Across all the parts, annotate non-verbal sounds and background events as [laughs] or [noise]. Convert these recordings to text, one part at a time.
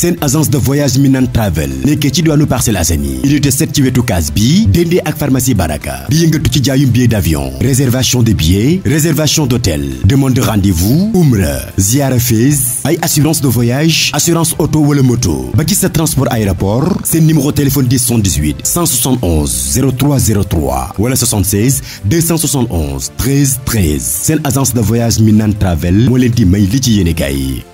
seen agence de voyage Minan Travel nekkee ci diwaanu Parcelles Assainies unité 7 ci wetu kaas bi déndee ak pharmacie Baraka bi yëngatu ci jaayum billet d'avion réservation de billets réservation d'hôtel demande de rendez-vous umra ziara Fès ay assurance de voyage assurance oto wala moto ba ci sa transport aéroport seen numéro téléphone 10 78 171 0303 wala 76 271 13 13 seen agence de voyage Minan Travel moo leen may li ci yéene kaay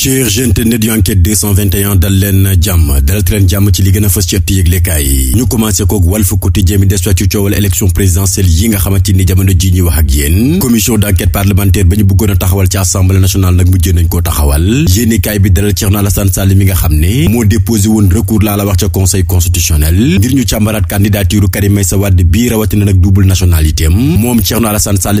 cher jentenet yu enquête 221 dal leen jàmm dalal leen jàmm ci li gën a fës ci ëtt yëglekaay yi ñu commencé kook Walf Quotidien mi des ci coowal élection présidentielle yi nga xamante ni jamono ji ñuy wax ak yéen commission d'enquête parlementaire ba ñu bëggoon taxawal ci assemblée nationale nag mujjee nañ koo taxawal yéenekaay bi dalal Thierno Alassane Sall mi nga xam ne moo déposé woon recours laa la wax ca conseil constitutionnel ngir ñu càmbaraat candidature Karim Meïssa am moom Thierno Alassane Sall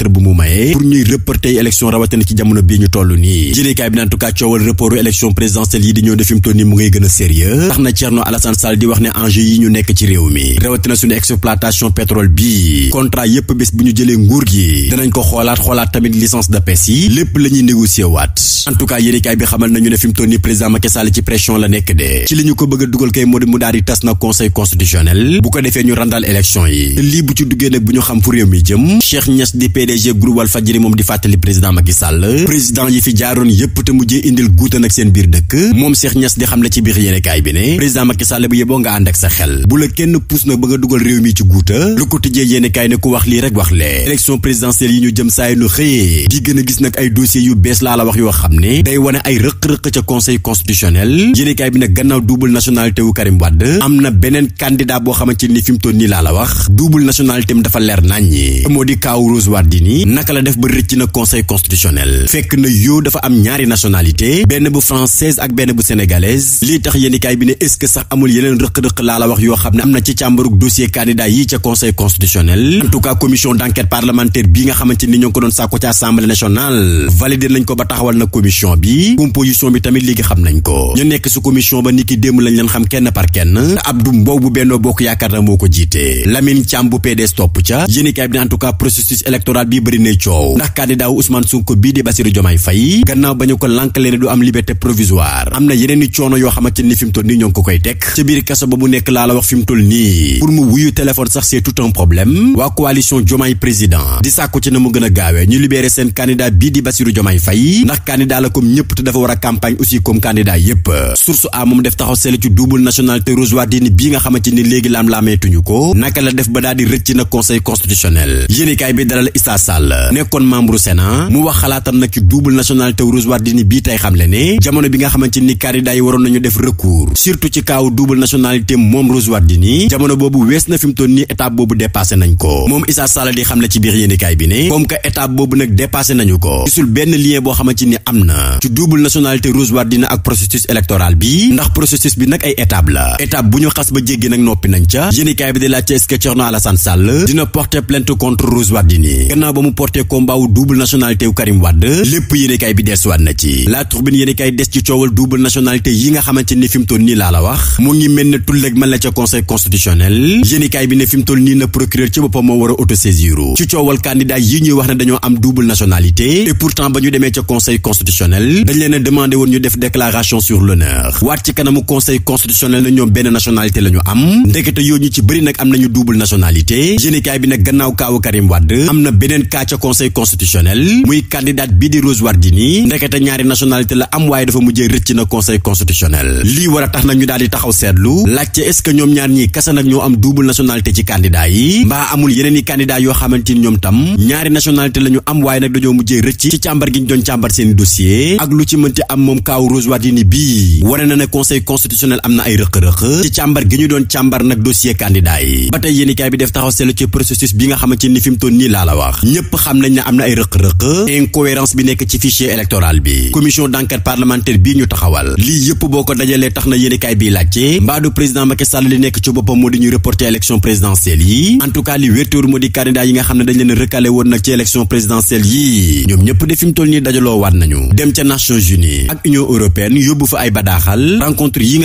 fenêtre bu mu maye pour ñuy reporter élection rawatina ci jamono bii ñu toll nii jëleekaay bi naan en coowal reportu élection présidentielle yi di ñëw defim toll nii mu ngay gën sérieux tax na Thierno Alassane Sall di wax ne enjeu yi ñu nekk ci réew mi rawatina suñu exploitation pétrole bii contrat yépp bés bu ñu jëlee nguur gi danañ ko xoolaat xoolaat tamit licence de pêche yi lépp la ñuy waat en tout bi xamal nañu ne fi mu nii président PDG groupe Walfadjri moom di fàttali président Macky Sall président yi fi jaaroon yépp te mujjee indil guutan ak seen biir dëkk moom Cheikh Niass di xam la ci biir yéenekaay bi ne président Macky Sall yeboo nga ànd ak sa xel bu la kenn puus nag ba nga dugal réew mi ci guuta lu ko tijjee yéenekaay ne ku wax lii rek wax lee élection présidentielle yi ñu jëm saa yi nu xëyee di gën a gis nag ay dossiers yu bees laa la wax yoo xam ne day wane ay rëq-rëq ca conseil constitutionnel yéenekaay bi nag gannaaw double nationalité wu Karim na beneen candidat boo xamante ni fi mu toll nii laa la wax double nationalité m dafa leer naññi moo di kaaw Rose ni naka la def ba rëcc na conseil constitutionnel fekk na yoo dafa am ñaari nationalité benn bu française ak benn bu sénégalaise lii tax yéenikaay bi ne est-ce sax amul yeneen rëq-rëq laa la wax yoo xam ne am na ci càmbaruk dossier candidat yi ca conseil constitutionnel en tout cas commission d'enquête parlementaire bii nga xamante ni ñoo ko doon sàkku ci assemblée nationale validé nañ ko ba taxawal na commission bi composition bi tamit léegi xam nañ ko ñu nekk su commission ba niki démb lañ na moo ko jiite Lamine bi bëri na coow ndax candidat wu Ousmane Sonko bii di Bassirou Diomaye Faye gannaaw ba ñu ko lànkale ne du am liberté provisoire am na yeneen i coono yoo xamante ni fi mu toll nii ñoo ngi koy teg ci biir kaso ba mu nekk laa la wax fi toll nii pour mu wuyu téléphone sax c'est tout un problème waa coalition Diomaye président di sàkku ci na mu gën a gaawee ñu libéré seen candidat bii di Bassirou Diomaye Faye ndax candidat la comme ñëpp te dafa war a campagne aussi comme candidat Sall nekkoon membre Sénat mu wax xalaatam nag ci double nationalité Rose Wardini bii tey xamle ne jamono bi nga xamante ni candidat yi waroon nañu def recours surtout ci kaaw double nationalité moom Rose Wardini jamono boobu wees na fi mu toll nii étape boobu dépassé nañ ko moom Issa Sall di xamle ci biir yéenikaay bi ne comme que étape boobu nag dépassé nañu ko gisul benn lien boo xamante ni am na ci double nationalité Rose Wardini ak processus électoral bi ndax processus bi nag ay étape la étape xas ba jéggi nag noppi nañ ca yéenikaay bi di laajte est-ce ginnaaw ba mu porté combat wu double nationalité wu Karim Wade lépp yéenekaay bi deesuwaat na ci La Tribune yéenekaay des ci coowal double nationalité yi nga xamante ni fi toll nii laa la wax mu ngi mel ne tulleeg mën la ca conseil constitutionnel yéenekaay bi ne fi toll nii na procureur ci boppam moo war a autosaisiru ci coowal candidat yi ñuy wax ne dañoo am double nationalité et pourtant ba ñu demee ca conseil constitutionnel dañ leen a demandé woon ñu def déclaration sur l'honneur waat ci kanamu conseil constitutionnel na ñoom benn nationalité la ñu am ndekete yoo ñu ci bëri nag am beneen cas ca conseil constitutionnel muy candidat bii di na a tax nag ñu daal di taxaw seetlu laajte ñoo am double nationalité ci candidat yi mbaa amul yeneen i candidat gi ñu doon càmbar seen dossier ak lu ci mënti am moom kaaw Rose Wardini bii na ne conseil constitutionnel am na ay rëq-rëq ci càmbar gi ñu doon càmbar nag dossier candidat yi ba tey yéenikaay bi def taxaw seetlu ci processus bi nga xamante ni fi mu nii laa la wax wax ñëpp xam nañ ne am na ay rëq-rëq incohérence bi nekk ci fichier électoral bi commission d'enquête parlementaire bii ñu taxawal lii yëpp boo ko dajalee tax na yéenekaay bi laajte mbaadu président Macky Sall li nekk ci boppam moo di ñu reporter élection présidentielle yi en li wértéwur moo di candidat yi nga xam ne dañ leen recalé woon nag ci élection présidentielle yi ñoom ñëpp de toll nii dajaloo waat nañu dem ca Nations Unies ak Union européenne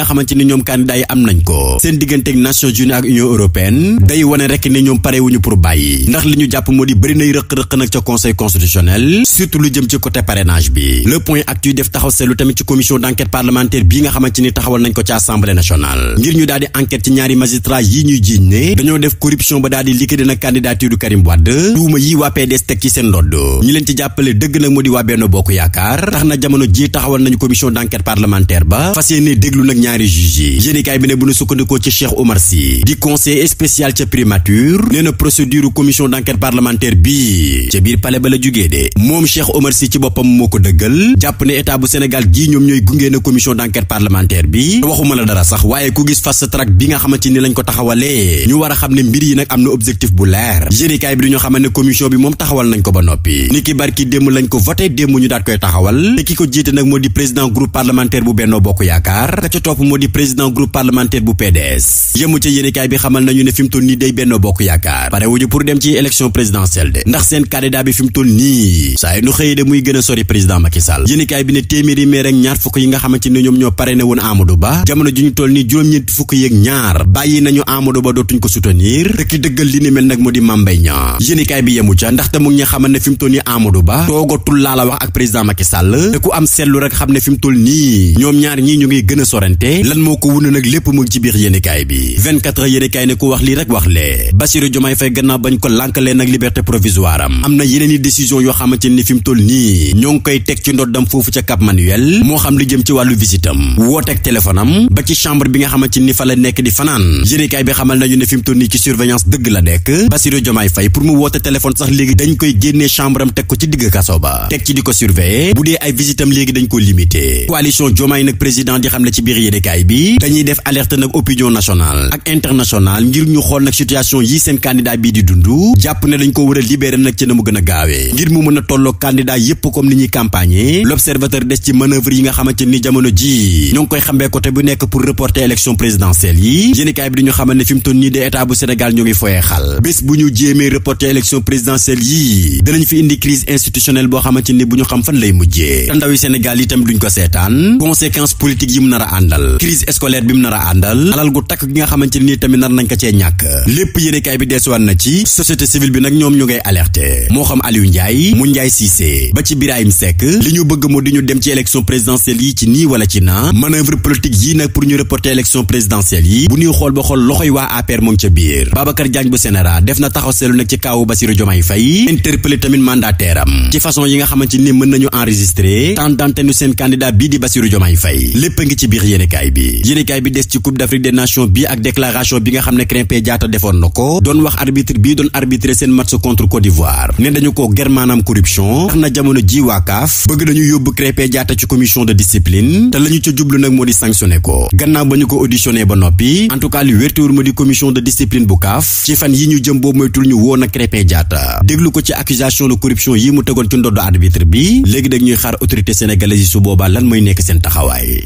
xamante ni ñoom candidat yi am nañ ko seen diggante ak Nations Unies ak Union européenne day wane rek ne ñoom parewuñu pour bàyyi ndax li nay rëq-rëq nag ca conseil constitutionnel surtout lu jëm ci côté parrainage bi le point actu def taxaw seetlu tamit ci commission d'enquête parlementaire bii nga xamante ni taxawal nañ ko ci assemblée nationale ngir ñu daal enquête ci ñaari magistrat yi ñuy jiiñ ne dañoo def corruption ba daal di liquider nag candidature du Karim Wade tuuma yi waa PDS teg ci seen ndodd ñi leen ci jàppale dëgg nag moo di waa Benno Bokk Yaakaar tax na jamono ji bii ca biir palais ba la jugee de moom Cheikh Omar Sy ci boppam moo ko dëggal jàpp ne état bu Sénégal gii ñoom ñooy gungee na commission d'enquête parlementaire bi waxuma la dara sax waaye ku gis fast track bi nga xamante ni lañ ko taxawalee ñu war a xam ne mbir yi nag am na objectif bu leer jërikaay bi dañoo xamal ne commission bi moom taxawal nañ ko ba noppi ni ki barki démb lañ ko voté démb ñu daat koy taxawal te ki ko jiite nag moo di président ndax seen candidat bi fi mu toll nii saa nu xëy de muy gën a sori président Macky Sall bi ne téeméeri maire ak ñaar fukk yi nga xamante ne ñoom ñoo parrainé woon Amadou Ba jamono ji ñu toll nii juróom-ñeenti fukk yeeg ñaar bàyyi nañu Amadou Ba dootuñ ko soutenir te ki dëggal li ni mel nag moo di Mame Mbaye Niang bi yemu ca ndaxte mu ngi ñu ne fi mu nii Amadou Ba toogatul laa la wax ak président Macky te ku am seetlu rek xam ne fi mu nii ñoom ñaar ñii ñu ngi gën a lan moo ko wun nag lépp mu ngi ci biir yéenekaay bi 24 heures yéenekaay provisoire am am na yeneen i décision yoo xamante ni fi mu toll nii ñoo ngi koy teg ci ndoddam foofu ca Cap Manuel moo xam lu jëm ci wàllu visite am wooteeg ba ci chambre bi nga xamante ni fa la nekk di fanaan yërekaay bi xamal nañu ne fi toll nii ci surveillance dëgg la nekk Bassirou Diomaye Faye pour mu woote téléphone sax léegi dañ koy génnee chambre am teg ko ci digg kaso ba teg ci di ko surveiller bu dee ay visitam léegi dañ ko limité coalition Diomaye nag libéré nag ci na mu gën a gaawee ngir mu mën a tolloo candidat yépp comme ni ñuy campagne l'observateur des ci manœuvre yi nga xamante ni jamono ji ñoo ngi koy xambee côté bu nekk pour reporter élection présidentielle yi yéenekaay ñu fi indi crise institutionnelle boo xamante ni bu ñu xam fan lay mujjee te ndaw yi Sénégal duñ ko seetaan conséquences politiques yi mu nar a àndal crise scolaire bi mu nar a àndal alal gu takk gi nga xamante ci société civile bi alerté moo xam Aliou Ndiaye mu Ndiaye Cissé ba ci Birahim Seck li ñu bëgg moo di ñu dem ci élection présidentielle yi ci nii wala ci na manœuvre politique yi nag pour ñu reporter élection présidentielle yi bu ñuy xool ba xool loxoy waa APR mu ca biir Babacar Diagne bu Sénéra def na taxaw seen candidat bii di Bassirou Diomaye Faye lépp ngi ci biir yéenekaay bi yéenekaay bi des ci Coupe d'Afrique des Nations bi ak déclaration bi nga xam ne Krépin Diatta defoon d'Ivoire ne dañu ko ger maanaam corruption tax na jamono ji waa CAF bëgg nañu yóbbu Krépin Diatta ci commission de discipline te la ñu ca jublu nag moo di sanctionné ko gannaaw ba ñu ko auditionné ba noppi en tout cas lu wértéwur ma di commission de discipline bu CAF ci fan yi ñu jëm boobu moytul ñu woon a Krépin Diatta déglu ko ci accusation de corruption yi mu tegoon ci ndoddu arbitre bi léegi dag ñuy xaar autorité sénégalaise yi su boobaa lan mooy nekk seen taxawaay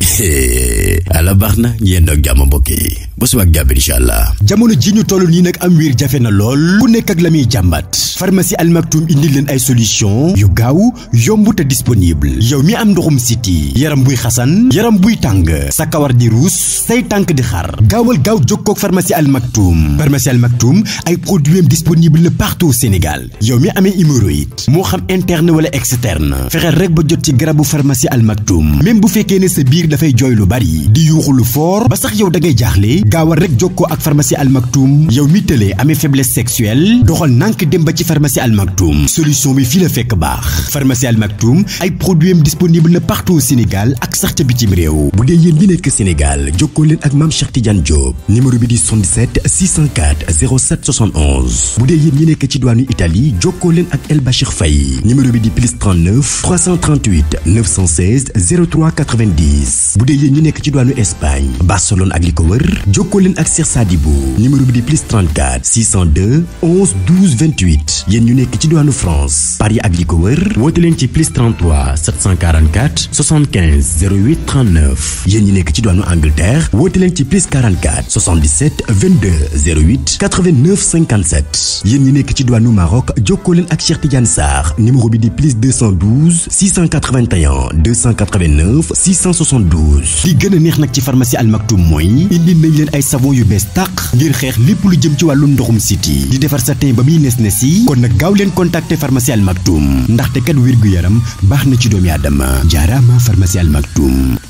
ala [laughs] baax na ñu yéen doog jàmm mbokk yi ba subaak jàmm incha allah jamono ji ñu toll nii nag am wiir jafe na lool ku nekk la muy jàmbat pharmacie Al Maktoum indi leen ay solution yu gaaw yomb te disponible yow mi am ndoxum siti yaram buy xasan yaram buy tàng sa kawar di ruus say tànk di xar gaawal gaaw jokkoo ak pharmacie Al Maktoum pharmacie Al Maktoum ay produits disponible na partout Sénégal yow mi amee hémorroïde moo xam interne wala externe fexeel rek ba jot ci garabu pharmacie Al Maktoum même bu fekkee ne sa biir dafay jooy lu bari di yuuxu lu fort ba sax yow da ngay jaaxle gaawal rek jokkoo ak pharmacie Al Maktoum yow mi tëlee amee faiblesse sexuelle doxal nànk dem ba ci pharmacie Al Maktoum solution bi fii la fekk baax pharmacie Al Maktoum ay produits am disponible na partout au Sénégal ak sax ca bitim réew bu dee yéen ñi nekk Sénégal jokkoo leen ak maam Cheikh Tidiane Diop numéro bi di 77 604 07 ñi nekk ci diwaanu Italie jokkoo leen ak El Bachir Faye numéro bi di plus 39 338 916 03 ñi nekk ci diwaanu Espagne Barcelone ak li ko wër jokkoo leen ak Cheikh Sadibou numéro bi di plus 34 602 11 12 match ñu nekk ci diwaanu France Paris ak li ko wër woote leen ci plus 33 744 75 08 39 yéen ñu nekk ci diwaanu Angleterre woote leen ci plus 44 77 22 08 89 57 yéen ñu nekk ci diwaanu Maroc jokkoo leen ak Cheikh Tidiane Sarr numéro bi di plus 212 681 289 672 li gën a neex nag ci pharmacie Al Maktoum mooy indi nañ leen ay savon yu bees tàq ngir xeex lépp lu jëm ci wàllum ndoxum siti di defar sa teen ba muy nes nes yi kon nag gaaw leen contacter pharmacie Al Maktoum ndaxte kat wér gu yaram baax na ci doomi aadama jaaraama pharmacie Al Maktoum